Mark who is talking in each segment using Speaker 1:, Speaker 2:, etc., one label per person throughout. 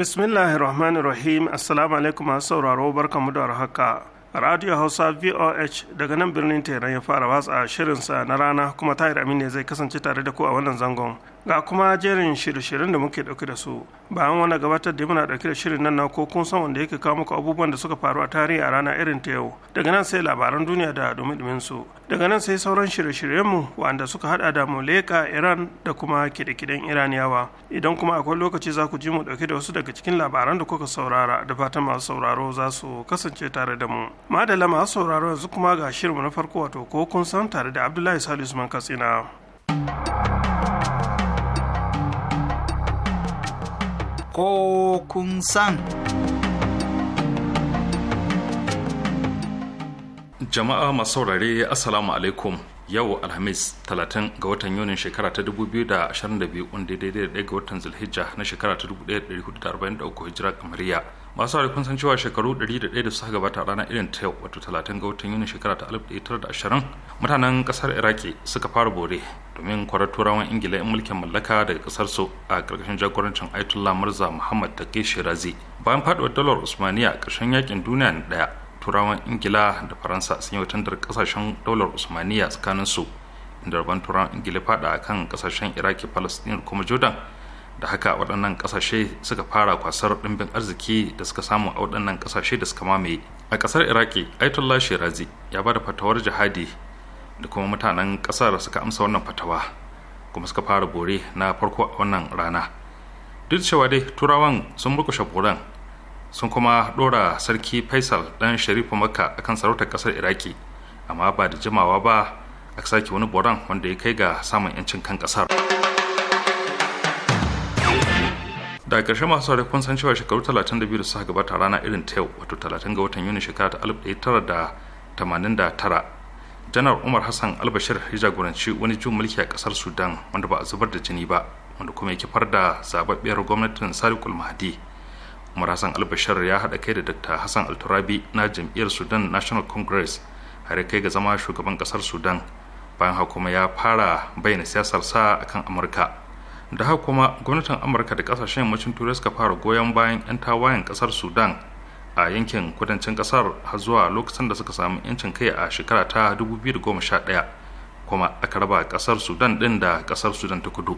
Speaker 1: Bismillahi Bismillahirrahmanirrahim. Assalamu alaikum masu sauraro barkamu da haka. Radio Hausa VOH daga nan birnin Teran ya fara watsa shirinsa na rana kuma Tahir Amin ne zai kasance tare da ku a wannan zangon. ga kuma jerin shirye-shiryen da muke dauke da su bayan wani gabatar da muna dauke da shirin nan na ko kun san wanda yake kawo muku abubuwan da suka faru a tarihi a rana irin ta yau daga nan sai labaran duniya da dumi su daga nan sai sauran shirye-shiryenmu wanda suka hada da muleka iran da kuma kide-kiden iraniyawa idan kuma akwai lokaci za ku ji mu dauke da wasu daga cikin labaran da kuka saurara da fatan masu sauraro za su kasance tare da mu madalla masu sauraro yanzu kuma ga shirinmu na farko wato ko kun san tare da abdullahi salisu man katsina
Speaker 2: ko kun san.
Speaker 3: Jama'a masu saurare Assalamu alaikum yau Alhamis 30 ga watan Yunin shekara ta 2022 wanda daidai da ga watan Zulhijja na shekara ta 1443 hijira kamariya. masu hari kun san cewa shekaru 101 da suka gabata ranar irin ta yau wato 30 ga watan yuni shekara ta 1920 mutanen kasar iraki suka fara bore domin kwarar turawan ingila in mulkin mallaka daga kasar su a karkashin jagorancin aitullah murza muhammad taqi shirazi bayan faduwar dalar usmaniya karshen yakin duniya na daya turawan ingila da faransa sun yi wutantar kasashen daular usmaniya tsakanin su inda rabon turawan ingila fada kan kasashen iraki palestine kuma jordan da haka waɗannan ƙasashe suka fara kwasar ɗimbin arziki da suka samu a waɗannan ƙasashe da suka mamaye a ƙasar iraki aitullah shirazi ya ba da fatawar jihadi da kuma mutanen ƙasar suka amsa wannan fatawa kuma suka fara bore na farko a wannan rana duk cewa dai turawan sun murkushe boran sun kuma ɗora sarki faisal ɗan sharifu makka akan sarautar ƙasar iraki amma ba da jimawa ba a sake wani boran wanda ya kai ga samun 'yancin kan ƙasar. da ƙarshe masu sauri kun san cewa shekaru 32 da suka gabata rana irin ta yau wato 30 ga watan yuni shekara ta 1989 janar umar hassan albashir ya jagoranci wani jin mulki a ƙasar sudan wanda ba a zubar da jini ba wanda kuma ya kifar da zababbiyar gwamnatin sarikul mahdi umar hassan albashir ya haɗa kai da dr hassan alturabi na jam'iyyar sudan national congress har kai ga zama shugaban ƙasar sudan bayan haka kuma ya fara bayyana siyasarsa akan amurka da haka kuma gwamnatin amurka da kasashen yammacin turai suka fara goyon bayan 'yan tawayen kasar sudan a yankin kudancin kasar har zuwa lokacin da suka samu 'yancin kai a shekara ta 2011 kuma aka raba kasar sudan din da kasar sudan ta kudu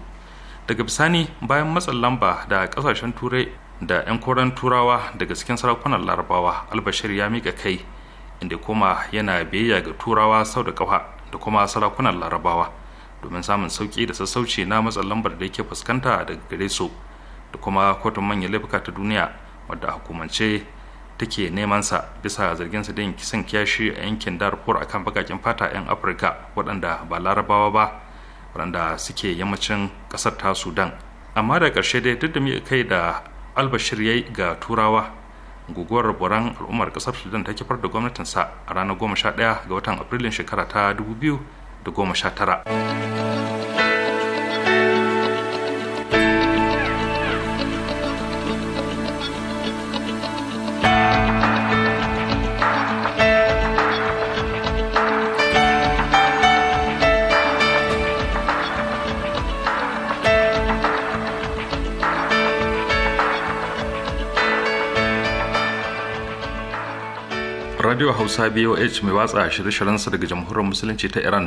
Speaker 3: daga bisani bayan matsin lamba da kasashen turai da 'yan koren turawa daga cikin sarakunan larabawa albashir ya mika kai inda kuma yana biyayya ga turawa sau da kafa da kuma sarakunan larabawa domin samun sauki da sassauci na matsalar lambar da yake fuskanta daga gare su da kuma kotun manyan laifuka ta duniya wadda hukumance take neman sa bisa zargin sa da yin kisan kiyashi a yankin darfur akan bakakin fata 'yan afirka waɗanda ba larabawa ba waɗanda suke yammacin ƙasar ta sudan amma da karshe dai duk da miƙa kai da albashir yayi ga turawa guguwar buran al'ummar ƙasar sudan ta kifar da sa a ranar 11 ga watan afrilun shekara ta 2000 tara. radio hausa boh mai watsa shirye-shiryensa daga jamhuriyar musulunci ta iran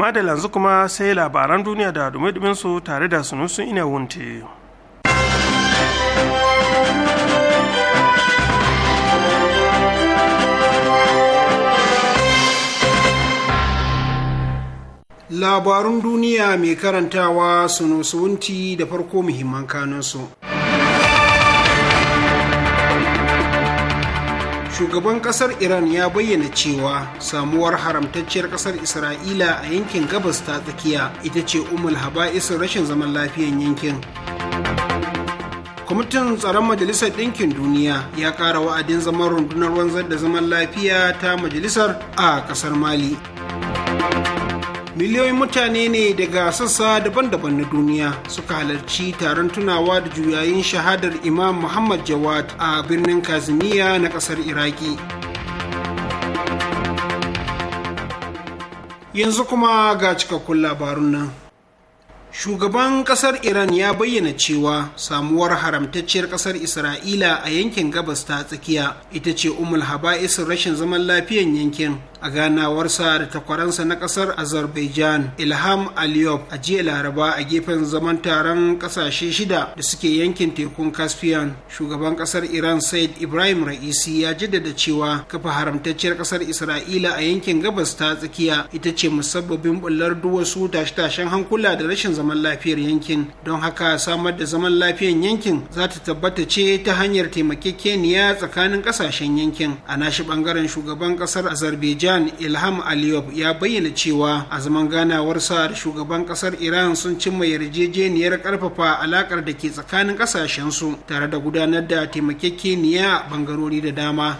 Speaker 1: madal yanzu kuma sai labaran duniya da dumi su tare da sunusun ina wunte.
Speaker 4: Labarun duniya mai karantawa sunusunti da farko muhimman kanunsu. shugaban kasar iran ya bayyana cewa samuwar haramtacciyar kasar isra'ila a yankin gabas ta tsakiya ita ce umul haba'isin rashin zaman lafiyan yankin kwamitin tsaron majalisar ɗinkin duniya ya ƙara wa'adin zaman rundunar wanzar da zaman lafiya ta majalisar a ƙasar mali miliyoyin mutane ne daga sassa daban-daban na duniya suka halarci taron tunawa da juyayin shahadar imam muhammad jawad a birnin kazimiya na kasar iraki yanzu kuma ga cikakkun labarun nan shugaban kasar iran ya bayyana cewa samuwar haramtacciyar kasar isra'ila a yankin gabas ta tsakiya ita ce umul haba'isin rashin zaman lafiyan yankin a ganawarsa da takwaransa na kasar azerbaijan ilham aliyov a jiya laraba a gefen zaman taron kasashe shida da suke yankin tekun caspian shugaban kasar iran said ibrahim ra'isi ya jaddada cewa kafa haramtacciyar kasar isra'ila a yankin gabas ta tsakiya ita ce musabbabin bullar duk wasu tashe-tashen hankula da rashin zaman lafiyar yankin don haka samar da zaman lafiyar yankin za ta tabbata ce ta hanyar taimakekeniya tsakanin kasashen yankin a nashi bangaren shugaban kasar azerbaijan ilham aliyev ya bayyana cewa a zaman ganawarsa da shugaban kasar iran sun cimma yarjejeniyar karfafa alakar da ke tsakanin kasashensu tare da gudanar da taimakekeniya a bangarori da dama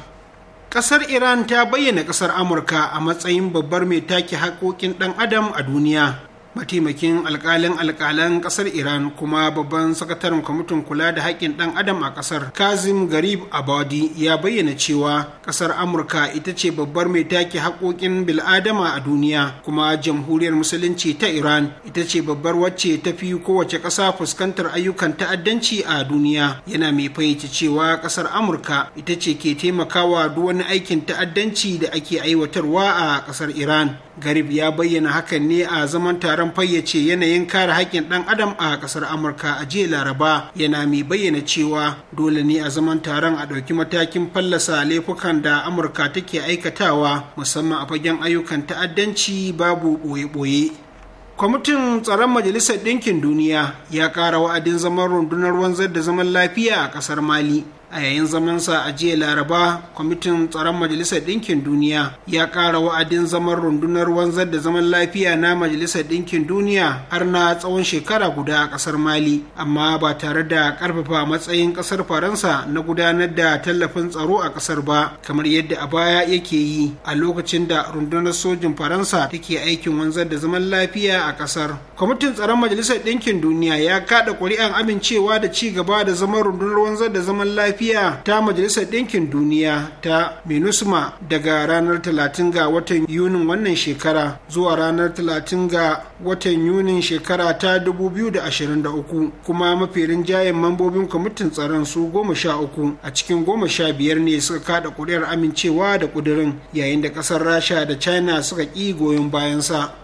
Speaker 4: kasar iran ta bayyana kasar amurka a matsayin babbar mai take haƙoƙin ɗan adam a duniya mataimakin alkalin alkalan kasar iran kuma babban sakataren kwamitin kula da haƙƙin ɗan adam a kasar kazim garib abadi ya bayyana cewa kasar amurka ita ce babbar mai take haƙoƙin bil'adama a duniya kuma jamhuriyar musulunci ta iran ita ce babbar wacce ta fi kowace ƙasa fuskantar ayyukan ta'addanci a duniya yana mai fahimci cewa kasar amurka ita ce ke taimakawa duk wani aikin ta'addanci da ake aiwatarwa a kasar iran garib ya bayyana hakan ne a zaman tare karan fayyace yanayin kare haƙƙin ɗan adam a ƙasar amurka a jiya laraba yana mai bayyana cewa dole ne a zaman taron a ɗauki matakin fallasa laifukan da amurka take aikatawa musamman a fagen ayyukan ta'addanci babu ɓoye-ɓoye kwamitin tsaron majalisar ɗinkin duniya ya ƙara wa'adin zaman rundunar wanzar da zaman lafiya a ƙasar mali a yayin zamansa a jiya laraba kwamitin tsaron majalisar ɗinkin duniya ya ƙara wa'adin zaman rundunar wanzar da zaman lafiya na majalisar ɗinkin duniya har na tsawon shekara guda a ƙasar mali amma ba tare da ƙarfafa matsayin ƙasar faransa na gudanar da tallafin tsaro a ƙasar ba kamar yadda a baya yake yi a lokacin da rundunar sojin faransa take aikin wanzar da zaman lafiya a ƙasar kwamitin tsaron majalisar ɗinkin duniya ya kaɗa ƙuri'an amincewa da ci gaba da zaman rundunar wanzar da zaman lafiya lafiya ta majalisar ɗinkin duniya ta minusma daga ranar 30 ga watan yunin wannan shekara zuwa ranar 30 ga watan yunin shekara ta 2023 kuma mafi rinjayen mambobin kwamitin tsaron su goma sha uku a cikin goma sha biyar ne suka kada ƙuri'ar amincewa da kudirin yayin da ƙasar rasha da china suka ƙi goyon bayansa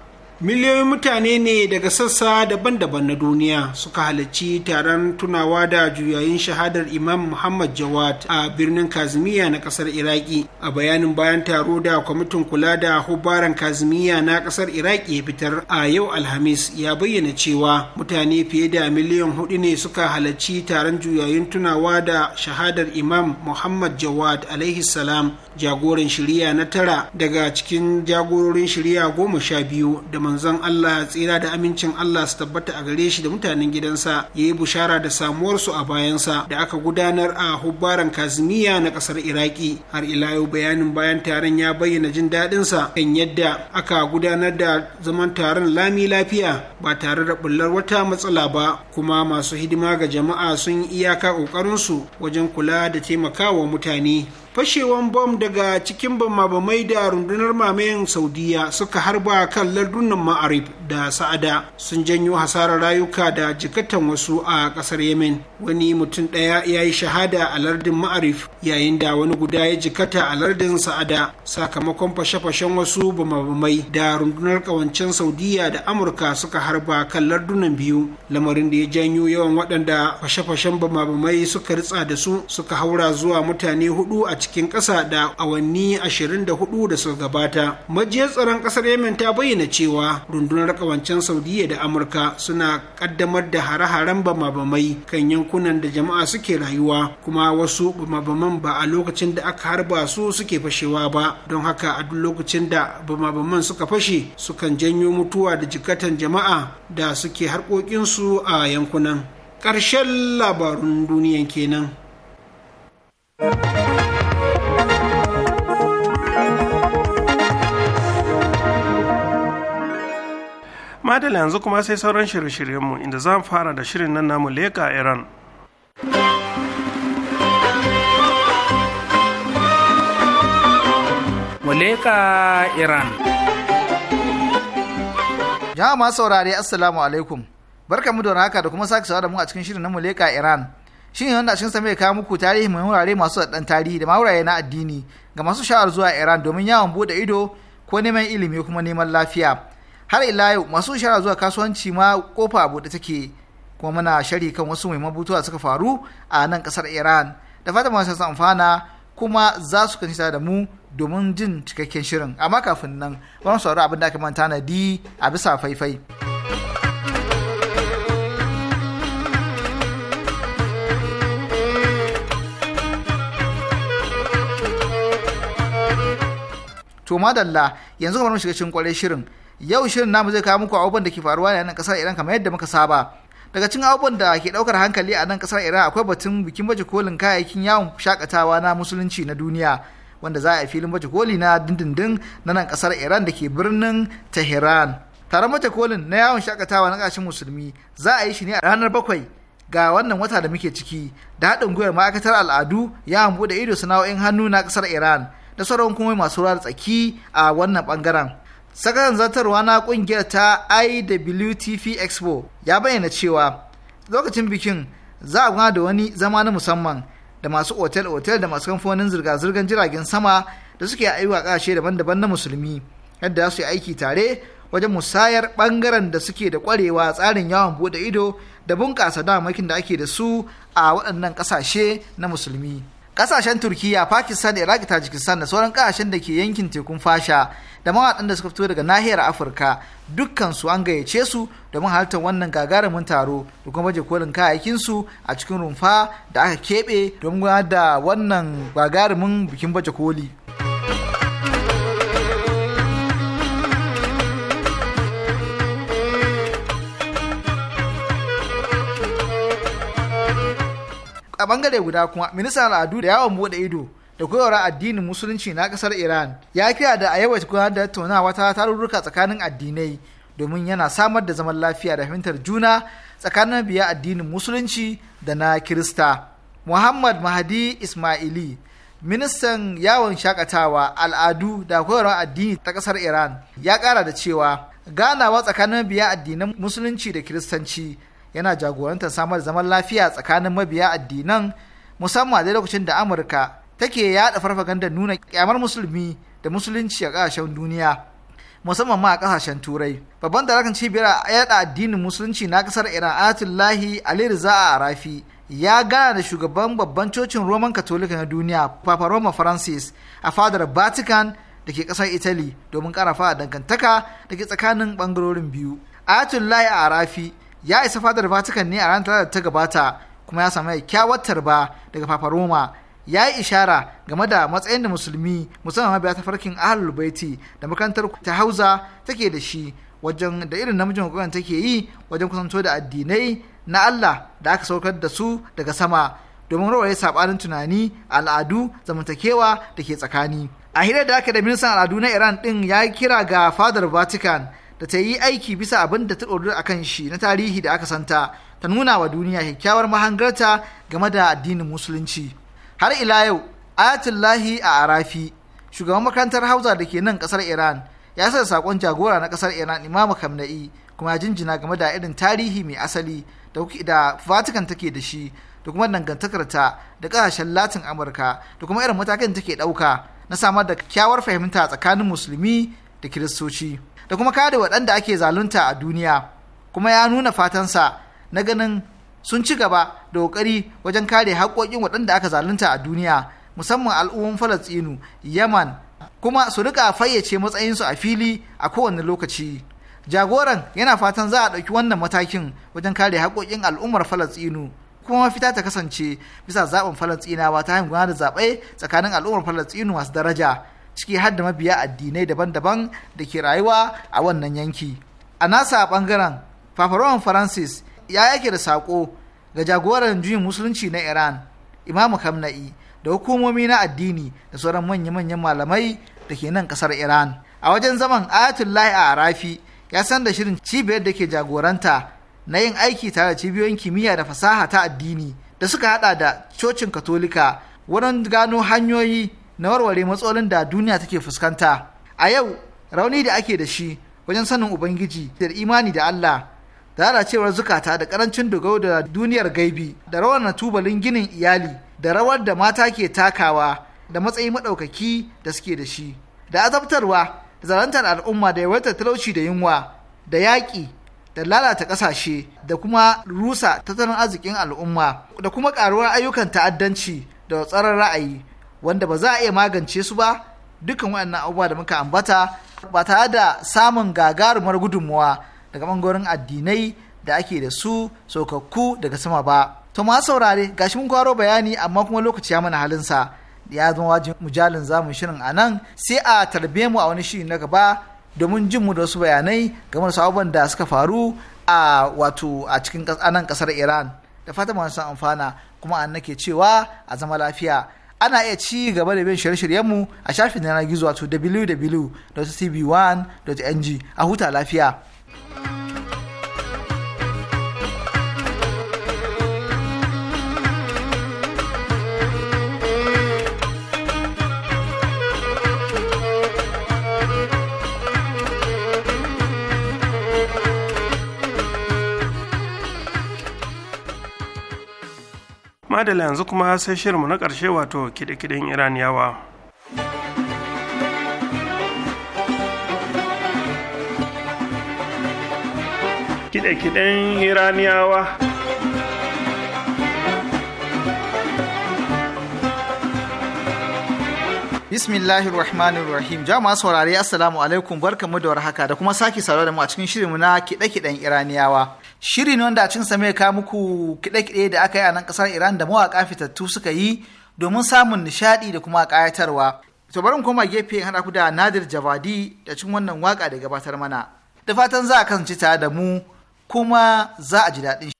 Speaker 4: miliyoyin mutane ne daga sassa daban-daban na duniya suka halarci taron tunawa da juyayin shahadar imam muhammad jawad a birnin kazimiya na kasar iraki a bayanin bayan taro da kwamitin kula da hubaran kazimiya na kasar iraki ya fitar a yau alhamis ya bayyana cewa mutane fiye da miliyan hudu ne suka halarci taron juyayin tunawa da shahadar imam muhammad jawad alaihi salam jagoran shirya na tara daga cikin jagororin shirya goma sha biyu da manzon Allah tsira da amincin Allah su tabbata a gare shi da mutanen gidansa ya yi bushara da samuwarsu a bayansa da aka gudanar a hubbaran kazimiya na kasar iraki har ila yau bayanin bayan taron ya bayyana jin daɗinsa kan yadda aka gudanar da zaman taron lami lafiya ba tare da bullar wata matsala ba kuma masu hidima ga jama'a sun iyaka ƙoƙarinsu wajen kula da taimakawa mutane fashewan bom daga cikin bamabamai da rundunar mamayen saudiya suka harba kan lardunan ma'arib da sa'ada sun janyo hasarar rayuka da jikatan wasu a kasar yemen wani mutum ɗaya ya yi shahada a lardin ma'arif yayin da wani guda ya jikata a lardin sa'ada sakamakon fashe-fashen wasu bamabamai da rundunar ƙawancen saudiya da amurka suka harba kan lardunan biyu lamarin da ya janyo yawan waɗanda fashe-fashen bamabamai suka ritsa da su suka haura zuwa mutane hudu a cikin ƙasa da awanni 24 da suka gabata majiyar tsaron ƙasar yemen ta bayyana cewa rundunar ƙawancen Saudiyya da amurka suna ƙaddamar da hare-haren bamabamai kan yankunan da jama'a suke rayuwa kuma wasu bamabaman ba a lokacin da aka harba su suke fashewa ba don haka a duk lokacin da bamabaman suka fashe sukan janyo mutuwa da jikatan jama'a da suke harkokinsu a yankunan ƙarshen labarun duniyan kenan. thank you
Speaker 1: madala yanzu kuma sai sauran shirye-shiryenmu inda za fara da shirin nan namu leka iran
Speaker 3: Muleka Iran.
Speaker 2: Jama'a masu saurare Assalamu alaikum. Barka mu da haka da kuma sake sawa da mu a cikin shirin na Muleka Iran. Shin wanda cikin mai kawo muku tarihi mai wurare masu daɗan tarihi da mawuraye na addini ga masu sha'ar zuwa Iran domin yawon bude ido ko neman ilimi kuma neman lafiya. har ila yau masu shara zuwa kasuwanci ma kofa a buɗe take kuma muna shari kan wasu muhimman butuwa suka faru a nan kasar iran da fatan masu amfana kuma za su kanci da mu domin jin cikakken shirin amma kafin nan wani sauraro abin da aka manta na di a bisa faifai. To madalla yanzu kamar mu shiga cikin kwarai shirin yau shirin namu zai kawo muku abubuwan da ke faruwa ne a nan kasar iran kamar yadda muka saba daga cikin abubuwan da ke daukar hankali a nan kasar iran akwai batun bikin baje kolin kayayyakin yawon shakatawa na musulunci na duniya wanda za a yi filin baje koli na dindindin na nan kasar iran da ke birnin tehran taron baje kolin na yawon shakatawa na kashin musulmi za a yi shi ne a ranar bakwai ga wannan wata da muke ciki da haɗin gwiwar ma'aikatar al'adu yawon buɗe ido sana'o'in hannu na kasar iran da sauran kuma masu ruwa da tsaki a wannan bangaren sakatan zartarwa na kungiyar ta iwtp expo ya bayyana cewa lokacin bikin za a da wani zama na musamman da masu otel-otel da masu kamfanin zirga-zirgar jiragen sama da suke aiwa kashe daban-daban na musulmi yadda su yi aiki tare wajen musayar bangaren da suke da kwarewa tsarin yawon bude ido da bunƙasa damakin da ake da su a waɗannan ƙasashe na musulmi. kasashen turkiya pakistan iraq tajikistan da sauran kasashen da ke yankin tekun fasha da mawaɗan da suka fito daga nahiyar afirka dukkan su an gayyace su domin halartar wannan gagarumin taro da kuma baje kolin kayayyakin su a cikin rumfa da aka keɓe don gudanar da wannan gagarumin bikin baje koli. a bangare guda kuma ministan al'adu da yawon bude ido da koyarwa addinin musulunci na kasar iran ya kira da a yawaita gudanar da tattaunawa ta tarurruka tsakanin addinai domin yana samar da zaman lafiya da fahimtar juna tsakanin biya addinin musulunci da na kirista muhammad mahadi ismaili ministan yawon shakatawa al'adu da koyarwa addini ta kasar iran ya kara da cewa ganawa tsakanin biya addinan musulunci da kiristanci yana jagorantar samar da zaman lafiya tsakanin mabiya addinan musamman da lokacin da amurka take yada farfaganda nuna kyamar musulmi da musulunci a ƙasashen duniya musamman ma a ƙasashen turai babban darakan cibiyar yada addinin musulunci na ƙasar iran ayatullahi ali riza a arafi ya gana da shugaban babban cocin roman katolika na duniya papa roma francis a fadar vatican da ke ƙasar italy domin ƙarafa dangantaka da ke tsakanin ɓangarorin biyu ayatullahi a arafi ya isa fadar vatican ne a ranar talata ta gabata kuma ya samu kyawar tarba daga papa roma ya yi ishara game da matsayin da musulmi musamman mabiya ta farkin ahlul baiti da makarantar ta hausa take da shi wajen da irin namijin kokarin take yi wajen kusanto da addinai na Allah da aka saukar da su daga sama domin rawaye sabanin tunani al'adu zamantakewa da ke tsakani a hirar da aka da ministan al'adu na iran din ya kira ga fadar vatican da ta yi aiki bisa abin da ta ɗoru a kan shi na tarihi da aka santa ta nuna wa duniya kyakkyawar mahangarta game da addinin musulunci har ila yau ayatullahi a arafi shugaban makarantar hausa da ke nan ƙasar iran ya sa saƙon jagora na kasar iran imamu kamna'i kuma ya jinjina game da irin tarihi mai asali da vatican take da shi da kuma dangantakarta da ƙasashen latin amurka da kuma irin matakan take ɗauka na samar da kyakkyawar fahimta tsakanin musulmi da kiristoci. da kuma kare waɗanda ake zalunta a duniya kuma ya nuna fatansa na ganin sun ci gaba da ƙoƙari wajen kare haƙoƙin waɗanda aka zalunta a duniya musamman al'ummar falastinu yaman kuma su rika fayyace matsayinsu a fili a kowane lokaci jagoran yana fatan za a ɗauki wannan matakin wajen kare haƙoƙin al'ummar falastinu kuma mafita ta kasance bisa zaɓin falastinawa ta hanyar da zaɓe tsakanin al'ummar falastinu masu daraja ciki har da mabiya addinai daban-daban da ke rayuwa a wannan yanki a nasa bangaren fafarowan francis ya yake da saƙo ga jagoran juyin musulunci na iran imamu kamna'i da hukumomi na addini da sauran manya-manyan malamai da ke nan ƙasar iran a wajen zaman ayatullahi a arafi ya san da shirin cibiyar da ke jagoranta na yin aiki tare da cibiyoyin kimiyya da fasaha ta addini da suka hada da cocin katolika wurin gano hanyoyi na warware matsalolin da duniya take fuskanta a yau rauni da ake da shi wajen sanin ubangiji da imani da Allah da lalacewar zukata da karancin dogaro da duniyar gaibi da rawar na tubalin ginin iyali da rawar da mata ke takawa da matsayi maɗaukaki da suke da shi da azabtarwa da zarantar al'umma da yawaitar talauci da yunwa da yaƙi da lalata ƙasashe da kuma rusa tattalin arzikin al'umma da kuma ƙaruwar ayyukan ta'addanci da tsaron ra'ayi wanda ba za a iya magance su ba dukkan waɗannan abubuwa da muka ambata ba tare da samun gagarumar gudunmuwa daga ɓangaren addinai da ake da su saukakku daga sama ba. To ma saurare gashi mun kwaro bayani amma kuma lokaci ya mana sa ya zama wajin mujalin zamun shirin a nan sai a tarbe mu a wani shiri na gaba domin jin mu da wasu bayanai game da sabon da suka faru a wato a cikin anan kasar Iran da fata masu amfana kuma an nake cewa a zama lafiya. ana iya ci gaba da bin shirye-shiryenmu a shafin yanar gizo wato www.cb1.ng a huta lafiya.
Speaker 1: madala yanzu kuma sai shirinmu na ƙarshe wato kiɗe-kiɗen yawa. kiɗe-kiɗen
Speaker 2: iraniyawa Bismillahir Rahmanir Rahim. Jama'a saurari Assalamu alaikum barkamu da warhaka da kuma sake saurare mu a cikin shirinmu na kiɗe-kiɗen Iraniyawa. shiri ne wanda a same ka muku kide kiɗe da aka yi a nan kasar iran da mawaƙa fitattu suka yi domin samun nishaɗi da kuma kayatarwa, to bari koma gefe haɗa ku da nadir javadi da cin wannan waka da gabatar mana da fatan za a kasance tare da mu kuma za a ji daɗin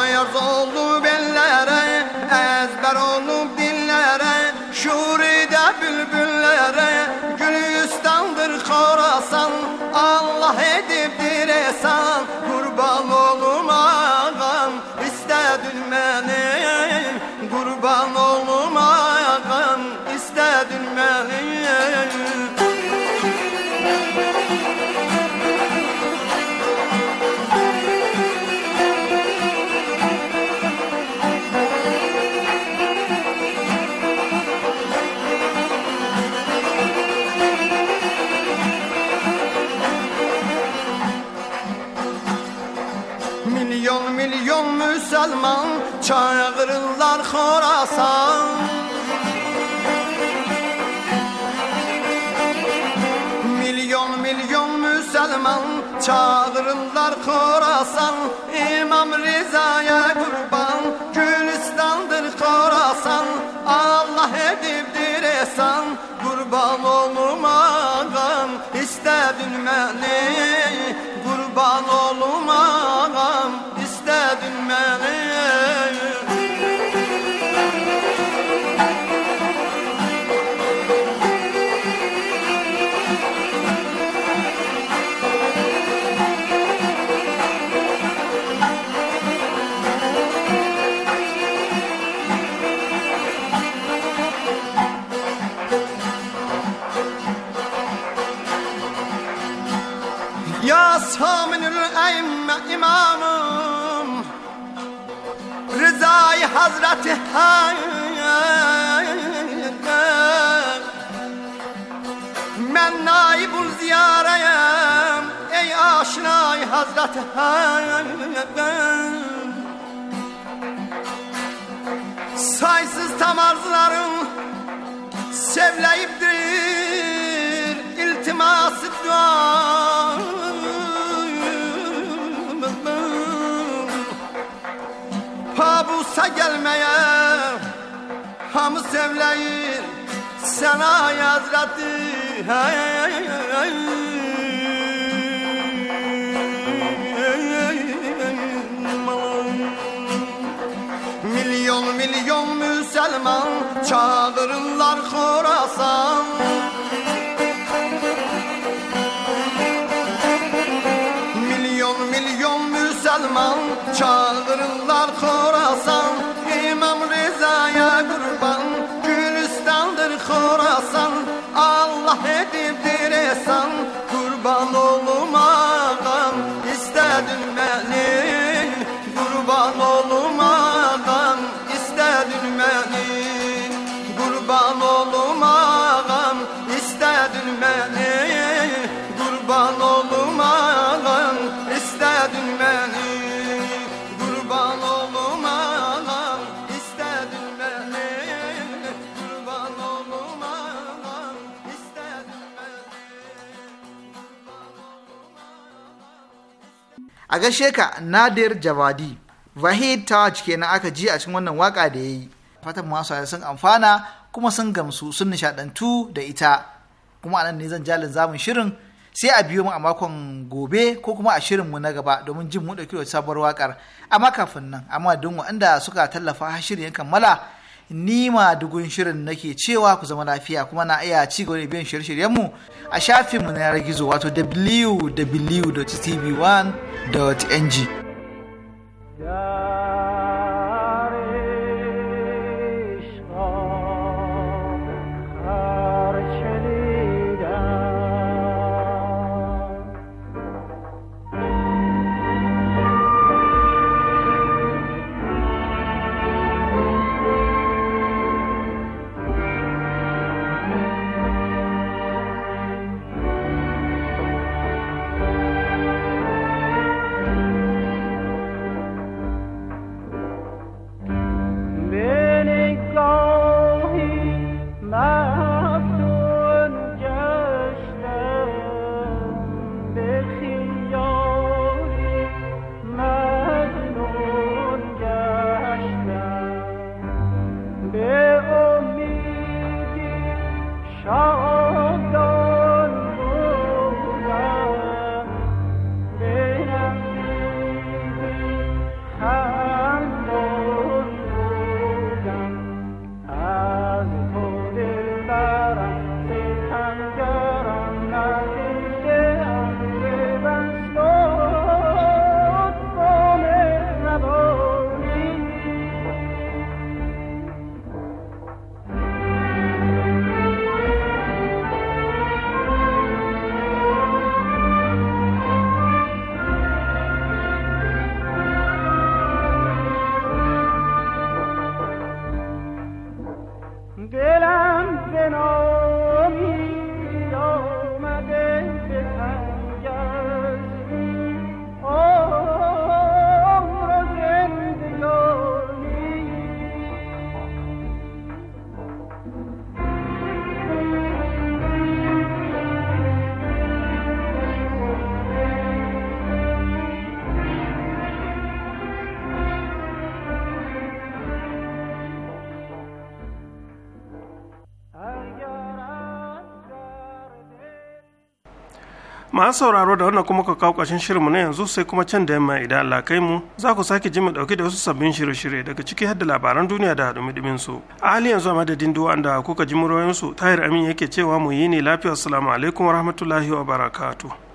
Speaker 5: Ayaz oldu bellere Ezber olup dillere Şuride bülbüllere Gülistan'dır Khorasan Allah edip diresan Kurban ol Hasan Milyon milyon Müslüman çağırırlar Khorasan İmam Riza'ya kurban Gülistan'dır Khorasan Allah edip esan Kurban ağam, istedin beni Hazreti Hakk'ın Ben naibul ziyareyim Ey aşinay Hazreti Hakk'ın Saysız tamarzların Sevleyiptir iltiması dua Havsa gelmeye Hamı sevleyin Sana hazreti hey, hey, hey, Milyon milyon Müslüman Çağırırlar Khorasan Milyon milyon Müslüman Çağırırlar Khorasan Hasan İmam Rıza'ya kurban Gülistan'dır Khorasan Allah edip esan
Speaker 2: a gashe ka nadir jawadi vahid taj kenan aka ji a cikin wannan waka da ya yi fatan masu sun amfana kuma sun gamsu sun nishadantu da ita kuma anan ne zan jalin zamun shirin sai a biyo mu a makon gobe ko kuma a shirin mu na gaba domin jin mu dauki sabuwar wakar amma kafin nan amma don waɗanda suka tallafa shirin kammala ni ma dugun shirin nake cewa ku zama lafiya kuma na iya ci gaba da biyan shirye-shiryenmu a shafin mu na yanar gizo wato www.tv1.ng. Yeah.
Speaker 1: masu sauraro da wannan kuma ka kawo ƙarshen shirinmu na yanzu sai kuma can da yamma idan Allah kai mu za ku sake ji mu dauke da wasu sabbin shirye-shirye daga ciki har da labaran duniya da dumi su. A hali yanzu a madadin duwa da kuka ji muryoyin Tahir Amin yake cewa mu yi ne lafiya assalamu alaikum wa rahmatullahi wa barakatu.